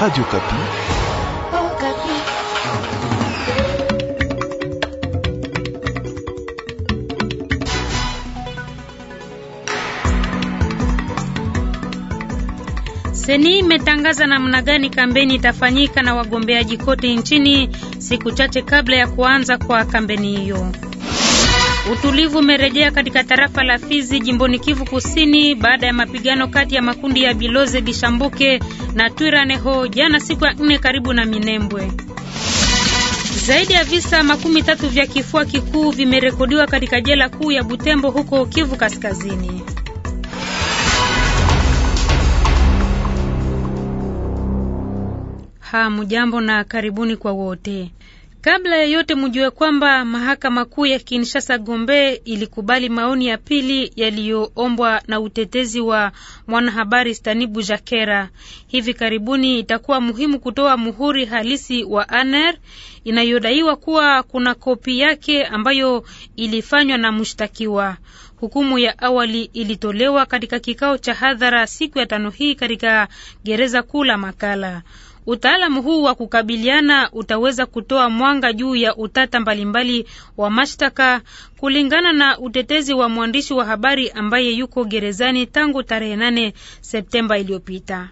Radio Kapi. Oh, Kapi. Seni imetangaza namna gani kampeni itafanyika na wagombeaji kote nchini siku chache kabla ya kuanza kwa kampeni hiyo. Utulivu umerejea katika tarafa la Fizi jimboni Kivu Kusini baada ya mapigano kati ya makundi ya Biloze Bishambuke na Twiraneho jana siku ya nne karibu na Minembwe. Zaidi ya visa makumi tatu vya kifua kikuu vimerekodiwa katika jela kuu ya Butembo huko Kivu Kaskazini. Hamjambo na karibuni kwa wote. Kabla ya yote mjue kwamba mahakama kuu ya Kinshasa Gombe ilikubali maoni ya pili yaliyoombwa na utetezi wa mwanahabari Stanibu Jakera. Hivi karibuni itakuwa muhimu kutoa muhuri halisi wa Aner inayodaiwa kuwa kuna kopi yake ambayo ilifanywa na mshtakiwa. Hukumu ya awali ilitolewa katika kikao cha hadhara siku ya tano hii katika gereza kuu la Makala. Utaalamu huu wa kukabiliana utaweza kutoa mwanga juu ya utata mbalimbali wa mashtaka, kulingana na utetezi wa mwandishi wa habari ambaye yuko gerezani tangu tarehe 8 Septemba iliyopita.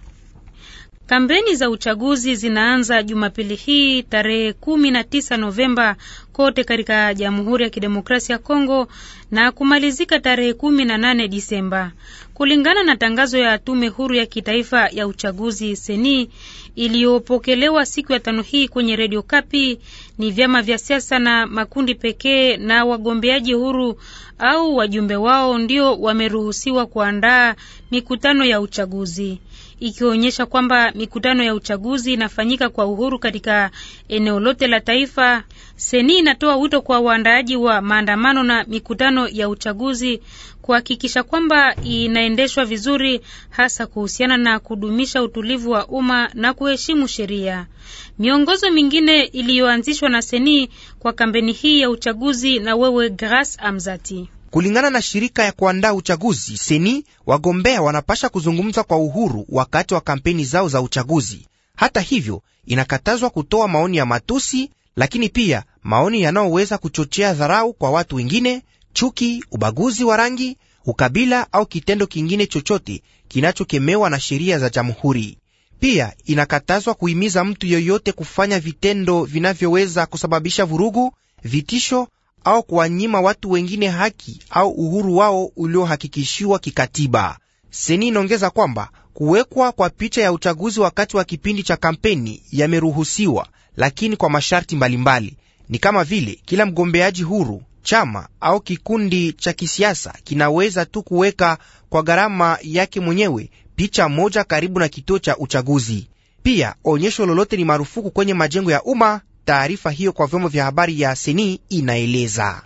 Kampeni za uchaguzi zinaanza Jumapili hii tarehe 19 Novemba kote katika Jamhuri ya Kidemokrasia ya Kongo na kumalizika tarehe 18 Disemba kulingana na tangazo ya Tume Huru ya Kitaifa ya Uchaguzi seni iliyopokelewa siku ya tano hii kwenye redio Kapi. Ni vyama vya siasa na makundi pekee na wagombeaji huru au wajumbe wao ndio wameruhusiwa kuandaa mikutano ya uchaguzi ikionyesha kwamba mikutano ya uchaguzi inafanyika kwa uhuru katika eneo lote la taifa. Seni inatoa wito kwa waandaaji wa maandamano na mikutano ya uchaguzi kuhakikisha kwamba inaendeshwa vizuri, hasa kuhusiana na kudumisha utulivu wa umma na kuheshimu sheria. Miongozo mingine iliyoanzishwa na Seni kwa kampeni hii ya uchaguzi na wewe Grace Amzati. Kulingana na shirika ya kuandaa uchaguzi Seni, wagombea wanapasha kuzungumza kwa uhuru wakati wa kampeni zao za uchaguzi. Hata hivyo, inakatazwa kutoa maoni ya matusi, lakini pia maoni yanayoweza kuchochea dharau kwa watu wengine, chuki, ubaguzi wa rangi, ukabila au kitendo kingine chochote kinachokemewa na sheria za jamhuri. Pia inakatazwa kuhimiza mtu yoyote kufanya vitendo vinavyoweza kusababisha vurugu, vitisho au kuwanyima watu wengine haki au uhuru wao uliohakikishiwa kikatiba. Seni inaongeza kwamba kuwekwa kwa picha ya uchaguzi wakati wa kipindi cha kampeni yameruhusiwa, lakini kwa masharti mbalimbali. Ni kama vile kila mgombeaji huru, chama au kikundi cha kisiasa kinaweza tu kuweka kwa gharama yake mwenyewe picha moja karibu na kituo cha uchaguzi. Pia onyesho lolote ni marufuku kwenye majengo ya umma Taarifa hiyo kwa vyombo vya habari ya Seni inaeleza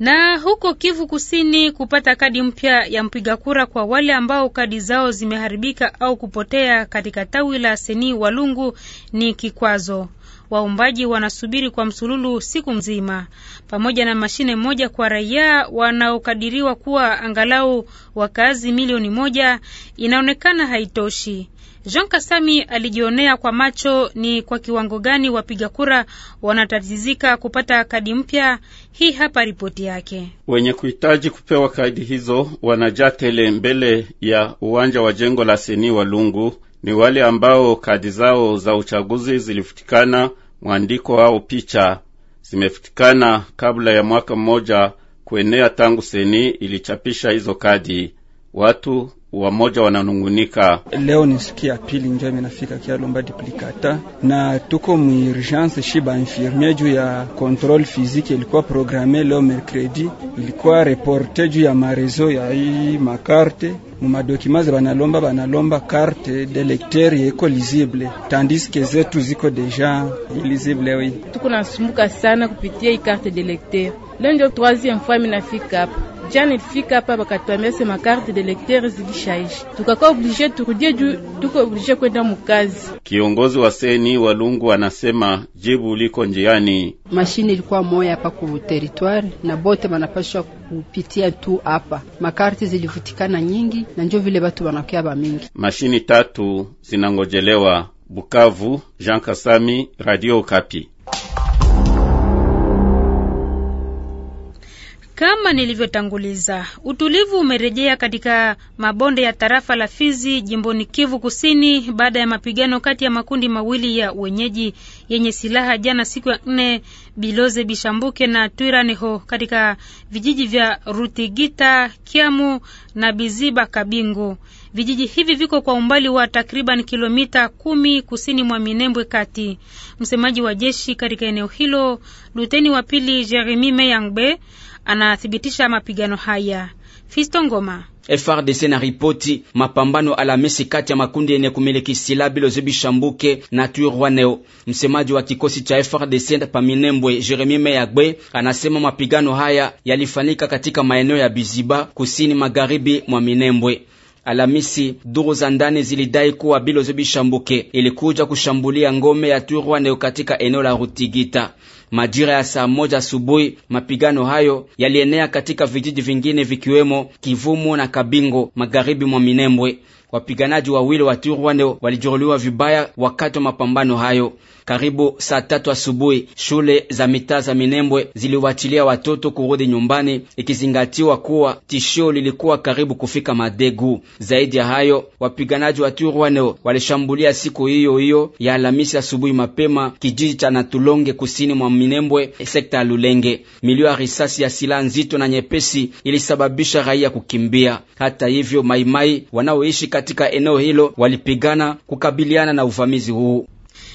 na huko Kivu Kusini kupata kadi mpya ya mpiga kura kwa wale ambao kadi zao zimeharibika au kupotea katika tawi la Seni Walungu ni kikwazo. waumbaji wanasubiri kwa msululu siku mzima, pamoja na mashine moja kwa raia wanaokadiriwa kuwa angalau wakazi milioni moja. Inaonekana haitoshi. Jean Kasami alijionea kwa macho ni kwa kiwango gani wapiga kura wanatatizika kupata kadi mpya. Hii hapa ripoti yake. Wenye kuhitaji kupewa kadi hizo wanajaa tele mbele ya uwanja wa jengo la seni lungu ni wale ambao kadi zao za uchaguzi zilifutikana mwandiko au picha zimefutikana kabla ya mwaka mmoja kuenea tangu seni ilichapisha hizo kadi watu wamoja wananungunika. Leo ni siku ya pili njo imenafika Kialomba duplicata na tuko mu urgence shi ba infirmier juu ya controle physique ilikuwa programme leo mercredi, ilikuwa reporte juu ya marezo ya hii makarte mumadokimaze banalomba banalomba karte de lecteur yeko lisible tandis que zetu ziko deja lisible. Oi, tuko nasumbuka sana kupitia hii de lecteur. Leo ndio troisieme fois minafika hapa Jana nilifika hapa bakatuambia sema carte de lecteur zilishaisha, tukakuwa oblige turudie juu tuko oblige kwenda mukazi. Kiongozi wa seni Walungu anasema jibu liko njiani. Mashine ilikuwa moya hapa ku territoire na bote banapashwa kupitia tu hapa, makarti zilivutikana nyingi na njo vile batu banakuya ba mingi. Mashini tatu zinangojelewa Bukavu. Jean Kasami, Radio Kapi. Kama nilivyotanguliza, utulivu umerejea katika mabonde ya tarafa la Fizi jimboni Kivu Kusini baada ya mapigano kati ya makundi mawili ya wenyeji yenye silaha jana siku ya nne, Biloze Bishambuke na Twiraneho katika vijiji vya Rutigita, Kiamu na Biziba Kabingo. Vijiji hivi viko kwa umbali wa takriban kilomita kumi kusini mwa Minembwe kati. Msemaji wa jeshi katika eneo hilo, luteni wa pili Jeremi Meyangbe anathibitisha mapigano haya. Fisto Ngoma. FRDC na ripoti mapambano Alhamisi kati ya makundi yenye kumiliki silaha Biloze Bishambuke na Twirwaneo. Msemaji wa kikosi cha FRDC Paminembwe, Jeremie Meyagwe, anasema mapigano haya yalifanika katika maeneo ya Biziba, kusini magharibi mwa Minembwe. Alhamisi, duru za ndani zilidai kuwa Biloze Bishambuke ilikuja kushambulia ngome ya Twirwaneo katika eneo la Rutigita. Majira ya saa moja asubuhi, mapigano hayo yalienea katika vijiji vingine vikiwemo Kivumo na Kabingo magharibi mwa Minembwe. Wapiganaji wawili wa Turwane walijeruhiwa vibaya wakati wa mapambano hayo. Karibu saa tatu asubuhi, shule za mitaa za Minembwe ziliwachilia watoto kurudi nyumbani, ikizingatiwa kuwa tishio lilikuwa karibu kufika Madegu. Zaidi ya hayo, wapiganaji wa Turwane walishambulia siku hiyo hiyo ya Alhamisi asubuhi mapema kijiji cha Natulonge kusini mwa Minembwe, sekta ya Lulenge. Milio ya risasi ya silaha nzito na nyepesi ilisababisha raia kukimbia. Hata hivyo, maimai wanaoishi katika eneo hilo walipigana kukabiliana na uvamizi huu.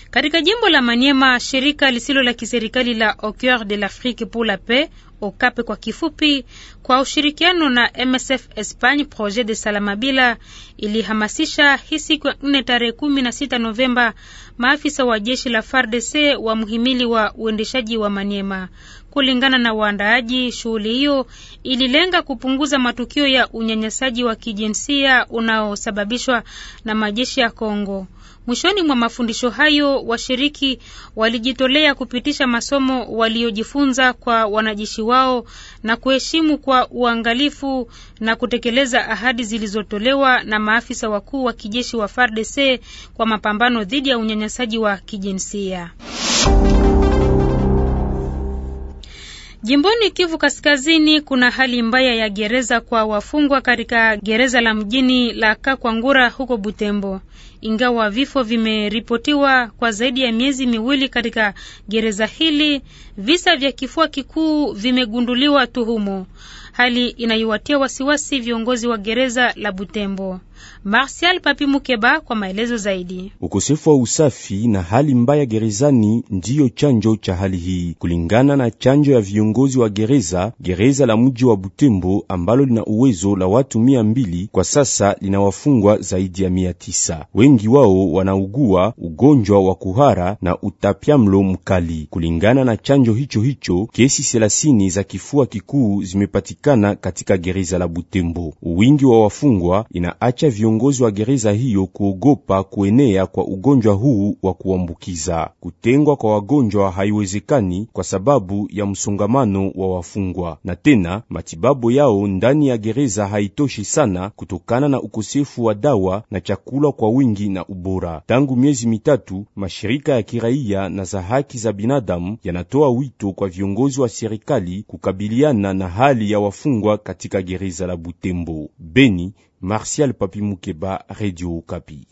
Katika jimbo la Maniema, shirika lisilo la kiserikali la Au Coeur de l'Afrique pour la Paix Okape kwa kifupi, kwa ushirikiano na MSF Espagne Projet de Salamabila ilihamasisha hii siku ya nne tarehe kumi na sita Novemba maafisa wa jeshi la FARDC wa mhimili wa uendeshaji wa Maniema. Kulingana na waandaaji, shughuli hiyo ililenga kupunguza matukio ya unyanyasaji wa kijinsia unaosababishwa na majeshi ya Kongo. Mwishoni mwa mafundisho hayo, washiriki walijitolea kupitisha masomo waliojifunza kwa wanajeshi wao na kuheshimu kwa uangalifu na kutekeleza ahadi zilizotolewa na maafisa wakuu wa kijeshi wa FARDC kwa mapambano dhidi ya unyanyasaji wa kijinsia. Jimboni Kivu Kaskazini kuna hali mbaya ya gereza kwa wafungwa katika gereza la mjini la Kakwangura huko Butembo. Ingawa vifo vimeripotiwa kwa zaidi ya miezi miwili katika gereza hili, visa vya kifua kikuu vimegunduliwa tu humo, hali inayowatia wasiwasi viongozi wa gereza la Butembo. Martial Papi Mukeba kwa maelezo zaidi. Ukosefu wa usafi na hali mbaya gerezani ndiyo chanjo cha hali hii. Kulingana na chanjo ya viongozi wa gereza, gereza la mji wa Butembo ambalo lina uwezo la watu mia mbili kwa sasa lina wafungwa zaidi ya mia tisa. Wengi wao wanaugua ugonjwa wa kuhara na utapiamlo mkali. Kulingana na chanjo hicho hicho, kesi thelathini za kifua kikuu zimepatikana katika gereza la Butembo. Wingi wa wafungwa inaacha kupelekea viongozi wa gereza hiyo kuogopa kuenea kwa ugonjwa huu wa kuambukiza. Kutengwa kwa wagonjwa haiwezekani kwa sababu ya msongamano wa wafungwa, na tena matibabu yao ndani ya gereza haitoshi sana kutokana na ukosefu wa dawa na chakula kwa wingi na ubora. Tangu miezi mitatu, mashirika ya kiraia na za haki za binadamu yanatoa wito kwa viongozi wa serikali kukabiliana na hali ya wafungwa katika gereza la Butembo. Beni, Martial Papi Mukeba, Radio Kapi.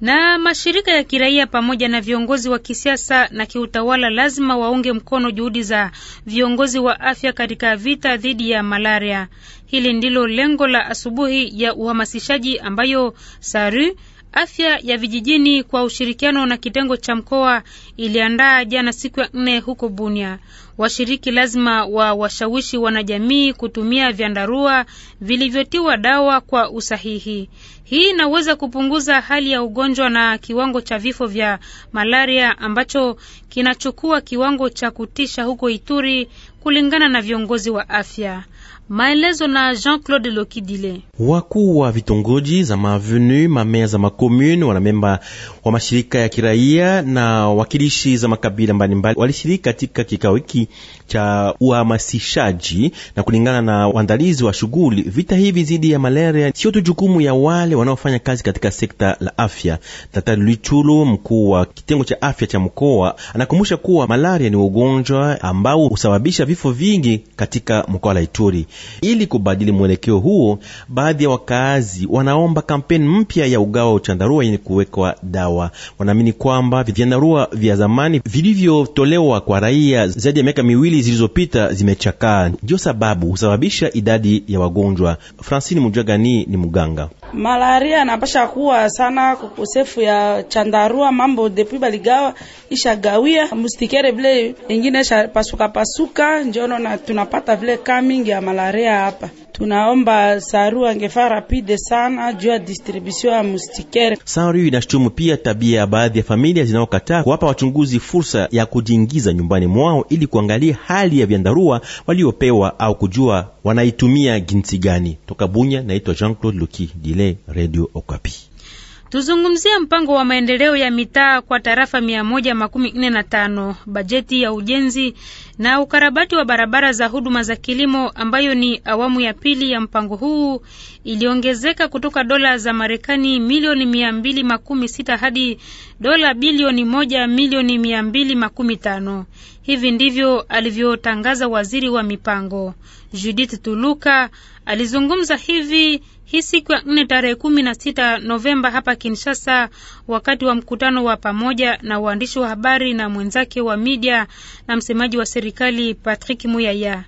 Na mashirika ya kiraia pamoja na viongozi wa kisiasa na kiutawala lazima waunge mkono juhudi za viongozi wa afya katika vita dhidi ya malaria. Hili ndilo lengo la asubuhi ya uhamasishaji ambayo Saru Afya ya vijijini kwa ushirikiano na kitengo cha mkoa iliandaa jana siku ya nne huko Bunia. Washiriki lazima wa washawishi wanajamii kutumia vyandarua vilivyotiwa dawa kwa usahihi. Hii inaweza kupunguza hali ya ugonjwa na kiwango cha vifo vya malaria ambacho kinachukua kiwango cha kutisha huko Ituri kulingana na viongozi wa afya. Maelezo na Jean-Claude Lokidile. Wakuu wa vitongoji za mavenu mamea za makomune, wanamemba wa mashirika ya kiraia na wakilishi za makabila mbalimbali walishiriki katika kikao hiki cha uhamasishaji. Na kulingana na waandalizi wa shughuli, vita hivi dhidi ya malaria sio tu jukumu ya wale wanaofanya kazi katika sekta la afya. Daktari Lichulu, mkuu wa kitengo cha afya cha mkoa, anakumbusha kuwa malaria ni ugonjwa ambao husababisha vifo vingi katika mkoa la Ituri. Ili kubadili mwelekeo huo, baadhi ya wakaazi wanaomba kampeni mpya ya ugawa wa chandarua yenye kuwekwa dawa. Wanaamini kwamba vyandarua vya zamani vilivyotolewa kwa raia zaidi ya miaka miwili zilizopita zimechakaa, ndio sababu husababisha idadi ya wagonjwa. Francine Mujagani ni mganga malaria anapasha kuwa sana kukosefu ya chandarua, mambo depuis baligawa ishagawia mustikere vile ingine isha pasuka pasuka, njono na tunapata vile kamingi ya malaria hapa tunaomba Saru angefaa rapide sana juu ya distribution ya mustikere. Saru inashutumu pia tabia ya baadhi ya familia zinaokataa kuwapa wachunguzi fursa ya kujiingiza nyumbani mwao ili kuangalia hali ya vyandarua waliopewa au kujua wanaitumia jinsi gani. Toka Bunya, naitwa Jean Claude Luki Dile, Radio Okapi. Tuzungumzie mpango wa maendeleo ya mitaa kwa tarafa mia moja makumi nne na tano, bajeti ya ujenzi na ukarabati wa barabara za huduma za kilimo ambayo ni awamu ya pili ya mpango huu iliongezeka kutoka dola za Marekani milioni mia mbili makumi sita hadi dola bilioni moja milioni mia mbili makumi tano. Hivi ndivyo alivyotangaza waziri wa mipango Judith Tuluka. Alizungumza hivi hii siku ya nne tarehe kumi na sita Novemba hapa Kinshasa, wakati wa mkutano wa pamoja na waandishi wa habari na mwenzake wa media na msemaji wa serikali Patrick Muyaya.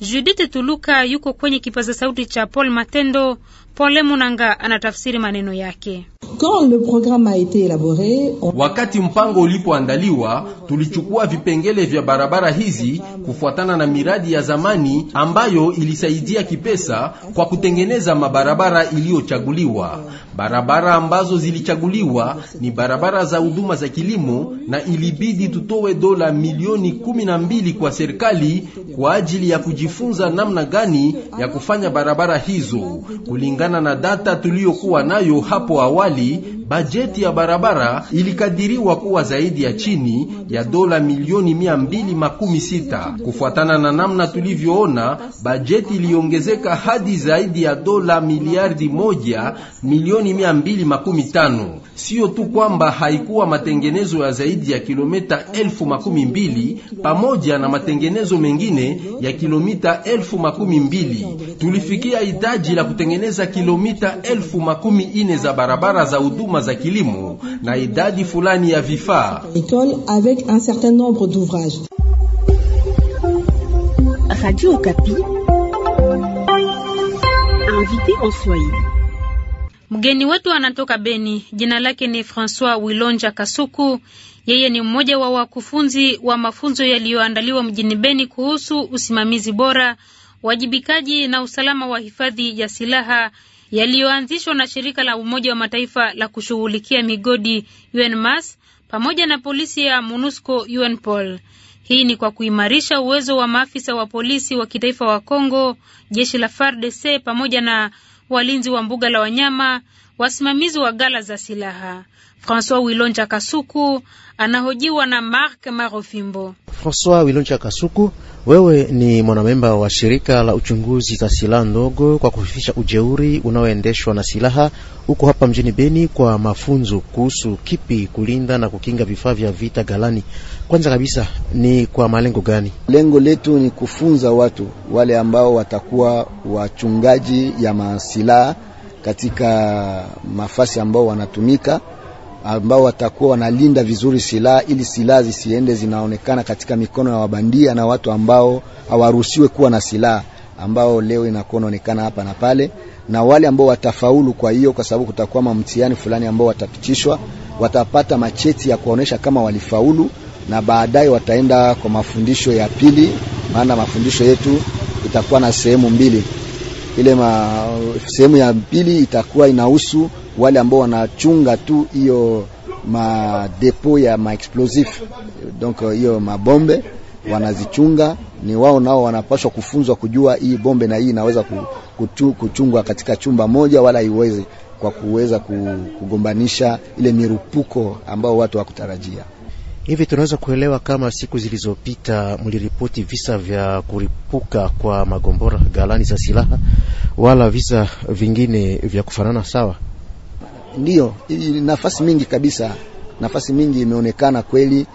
Judith Tuluka yuko kwenye kipaza sauti cha Paul Matendo. Pole Munanga anatafsiri maneno yake. Quand le programme a été élaboré, on... Wakati mpango ulipoandaliwa tulichukua vipengele vya barabara hizi kufuatana na miradi ya zamani ambayo ilisaidia kipesa kwa kutengeneza mabarabara iliyochaguliwa. Barabara ambazo zilichaguliwa ni barabara za huduma za kilimo, na ilibidi tutowe dola milioni kumi na mbili kwa serikali kwa ajili ya kujifunza namna gani ya kufanya barabara hizo kulingana na data tuliyokuwa nayo hapo awali kuswali Bajeti ya barabara ilikadiriwa kuwa zaidi ya chini ya dola milioni mia mbili makumi sita. Kufuatana na namna tulivyoona, bajeti iliongezeka hadi zaidi ya dola miliardi moja milioni mia mbili makumi tano. Siyo tu kwamba haikuwa matengenezo ya zaidi ya kilomita elfu makumi mbili pamoja na matengenezo mengine ya kilomita elfu makumi mbili tulifikia hitaji la kutengeneza kilomita elfu makumi ine za barabara za huduma huduma za kilimo na idadi fulani ya vifaa. Radio Mgeni wetu anatoka Beni. Jina lake ni Francois Wilonja Kasuku. Yeye ni mmoja wa wakufunzi wa mafunzo yaliyoandaliwa mjini Beni kuhusu usimamizi bora, wajibikaji na usalama wa hifadhi ya silaha yaliyoanzishwa na shirika la Umoja wa Mataifa la kushughulikia migodi UNMAS pamoja na polisi ya MONUSCO UNPOL. Hii ni kwa kuimarisha uwezo wa maafisa wa polisi wa kitaifa wa congo jeshi la FARDC pamoja na walinzi wa mbuga la wanyama, wasimamizi wa gala za silaha. François Wilonja Kasuku anahojiwa na Mark Marofimbo. François Wilonja Kasuku, wewe ni mwanamemba wa shirika la uchunguzi za silaha ndogo kwa kufifisha ujeuri unaoendeshwa na silaha, huko hapa mjini Beni kwa mafunzo kuhusu kipi kulinda na kukinga vifaa vya vita galani. Kwanza kabisa ni kwa malengo gani? Lengo letu ni kufunza watu wale ambao watakuwa wachungaji ya masilaha katika mafasi ambao wanatumika, ambao watakuwa wanalinda vizuri silaha ili silaha zisiende zinaonekana katika mikono ya wabandia na watu ambao hawaruhusiwe kuwa na silaha, ambao leo inakuwa inaonekana hapa na pale, na wale ambao watafaulu. Kwa hiyo kwa sababu kutakuwa mamtihani fulani ambao watapitishwa, watapata macheti ya kuonesha kama walifaulu, na baadaye wataenda kwa mafundisho ya pili, maana mafundisho yetu itakuwa na sehemu mbili ile sehemu ya pili itakuwa inahusu wale ambao wanachunga tu hiyo madepo ya maexplosif, donc hiyo mabombe wanazichunga ni wao nao wanapaswa kufunzwa kujua hii bombe na hii inaweza kuchungwa katika chumba moja, wala iweze kwa kuweza kugombanisha ile mirupuko ambao watu wakutarajia Hivi tunaweza kuelewa kama siku zilizopita mliripoti visa vya kuripuka kwa magombora ghalani za silaha wala visa vingine vya kufanana sawa? Ndiyo, nafasi mingi kabisa, nafasi mingi imeonekana kweli,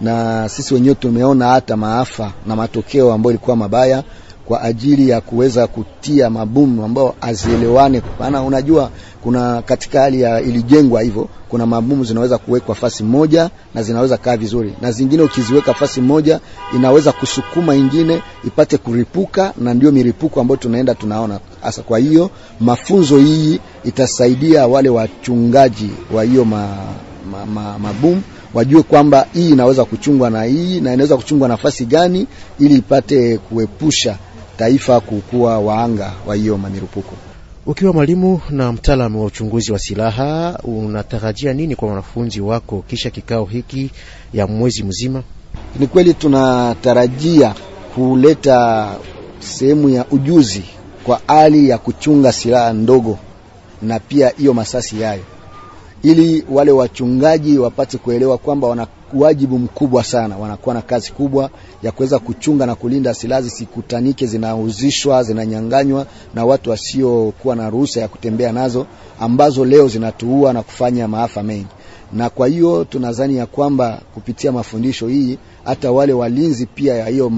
na sisi wenyewe tumeona hata maafa na matokeo ambayo ilikuwa mabaya kwa ajili ya kuweza kutia mabomu ambao azielewane, maana unajua kuna katika hali ya ilijengwa hivyo, kuna mabomu zinaweza kuwekwa fasi moja na zinaweza kaa vizuri, na zingine ukiziweka fasi moja inaweza kusukuma ingine ipate kuripuka, na ndio miripuko ambayo tunaenda tunaona hasa. Kwa hiyo mafunzo hii itasaidia wale wachungaji wa hiyo ma, ma, ma, ma wajue kwamba hii inaweza kuchungwa na hii na inaweza kuchungwa nafasi gani, ili ipate kuepusha taifa kukuwa waanga wa hiyo mamirupuko. Ukiwa mwalimu na mtaalamu wa uchunguzi wa silaha, unatarajia nini kwa wanafunzi wako kisha kikao hiki ya mwezi mzima? Ni kweli tunatarajia kuleta sehemu ya ujuzi kwa hali ya kuchunga silaha ndogo na pia hiyo masasi yayo, ili wale wachungaji wapate kuelewa kwamba wana wajibu mkubwa sana, wanakuwa na kazi kubwa ya kuweza kuchunga na kulinda silaha zisikutanike, zinauzishwa, zinanyanganywa na watu wasiokuwa na ruhusa ya kutembea nazo, ambazo leo zinatuua na kufanya maafa mengi. Na kwa hiyo tunadhani ya kwamba kupitia mafundisho hii hata wale walinzi pia ya hiyo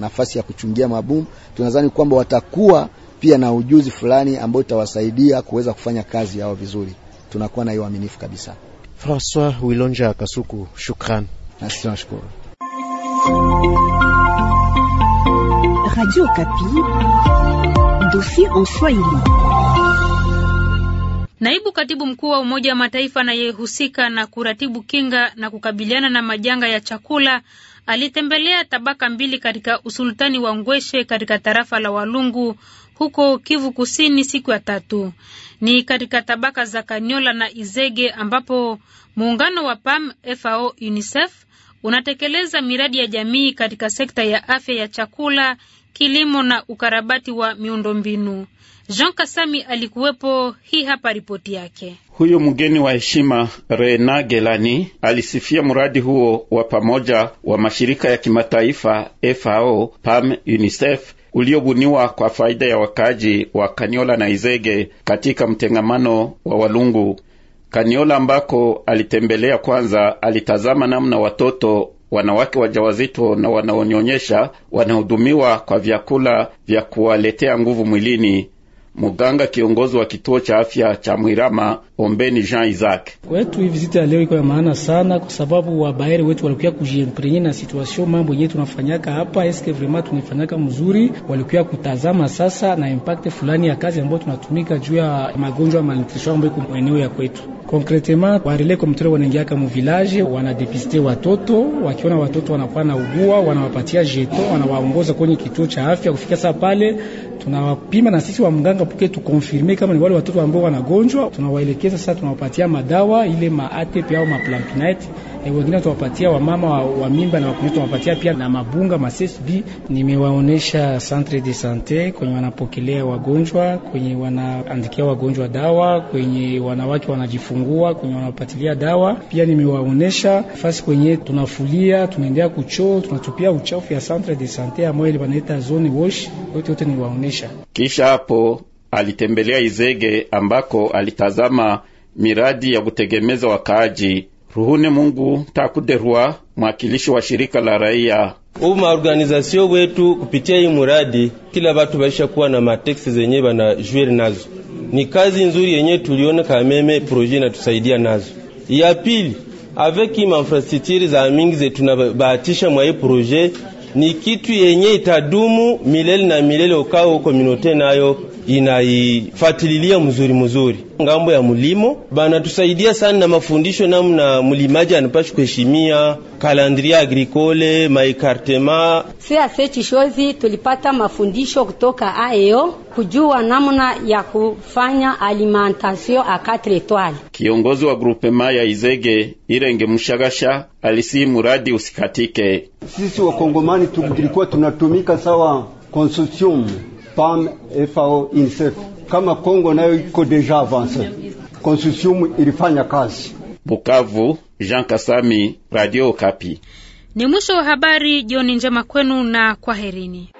nafasi ya kuchungia mabomu, tunadhani kwamba watakuwa pia na ujuzi fulani ambao itawasaidia kuweza kufanya kazi yao vizuri. Tunakuwa na hiyo aminifu kabisa. Francois Wilonja Kasuku, shukran. Nashukuru. Radio Okapi, dossier en Swahili. Naibu katibu mkuu wa Umoja wa Mataifa anayehusika na kuratibu kinga na kukabiliana na majanga ya chakula alitembelea tabaka mbili katika usultani wa Ngweshe katika tarafa la Walungu huko Kivu Kusini siku ya tatu. Ni katika tabaka za Kanyola na Izege ambapo muungano wa PAM FAO UNICEF unatekeleza miradi ya jamii katika sekta ya afya ya chakula, kilimo na ukarabati wa miundombinu. Jean Kasami alikuwepo. Hii hapa ripoti yake. huyu mgeni wa heshima Rena Gelani alisifia mradi huo wa pamoja wa mashirika ya kimataifa FAO, PAM, UNICEF uliobuniwa kwa faida ya wakaaji wa Kaniola na Izege katika mtengamano wa Walungu. Kaniola ambako alitembelea kwanza, alitazama namna watoto wanawake wajawazito na wanaonyonyesha wanahudumiwa kwa vyakula vya kuwaletea nguvu mwilini muganga kiongozi wa kituo cha afya cha Mwirama Ombeni Jean Isaac. Kwetu hii vizita ya leo iko ya maana sana, kwa sababu wabaere wetu walikuwa kujimprenye na situation mambo yenyewe tunafanyaka hapa, eske vraiment tunafanyaka mzuri. walikuwa kutazama sasa na impact fulani ya kazi ambayo tunatumika juu ya magonjwa ya malnutrition ambayo iko eneo ya kwetu Konkretement warele komtere wanaingiaka muvilaje, wanadepiste watoto. Wakiona watoto wanakuwa na ugua, wanawapatia jeto, wanawaongoza kwenye kituo cha afya. Kufika saa pale tunawapima na sisi wa mganga tuke tukonfirme kama ni wale watoto ambao wanagonjwa, tunawaelekeza sasa, tunawapatia madawa ile ma ATP au ma Plumpynate. E, wengine tunawapatia wamama wa, wa mimba na wakunyo, tunawapatia pia na mabunga ma CSB. Nimewaonesha centre de santé kwenye wanapokelea wagonjwa, kwenye wanaandikia wagonjwa dawa, kwenye wanawake wanajifungua, kwenye wanapatilia dawa. Pia nimewaonesha fasi kwenye tunafulia, tunaendea kuchoo, tunatupia uchafu ya centre de sante ambayo ile wanaita zone wash, yote yote niwaonesha kisha hapo alitembelea Izege ambako alitazama miradi ya kutegemeza wakaaji. Ruhune Mungu Takuderwa, mwakilishi wa shirika la raia ubu maorganizasio wetu kupitia hii muradi, kila batu baisha kuwa na mateksi zenye bana jweri nazo. Ni kazi nzuri yenye tuliona kameme proje inatusaidia nazo. Ya pili aveki manfrastrukturi za mingi zetu tunabahatisha mwa hii proje, ni kitu yenye itadumu milele na milele, ukao kominote nayo inaifatililia mzuri mzuri ngambo ya mulimo, banatusaidia sana na mafundisho namna mulimaji anapashi kuheshimia kalandria agricole maikartema. sechi shozi tulipata mafundisho kutoka AEO kujua namna ya kufanya alimentation a quatre etoile. Kiongozi wa grupema ya Izege Irenge Mushagasha alisi muradi usikatike. Sisi wakongomani tulikuwa tunatumika sawa konsortium PAM FAO INSEF. Kama Kongo nayo iko deja avance, konsortium ilifanya kazi. Bukavu, Jean Kasami, Radio Kapi. Ni mwisho wa habari. Jioni njema kwenu na kwaherini.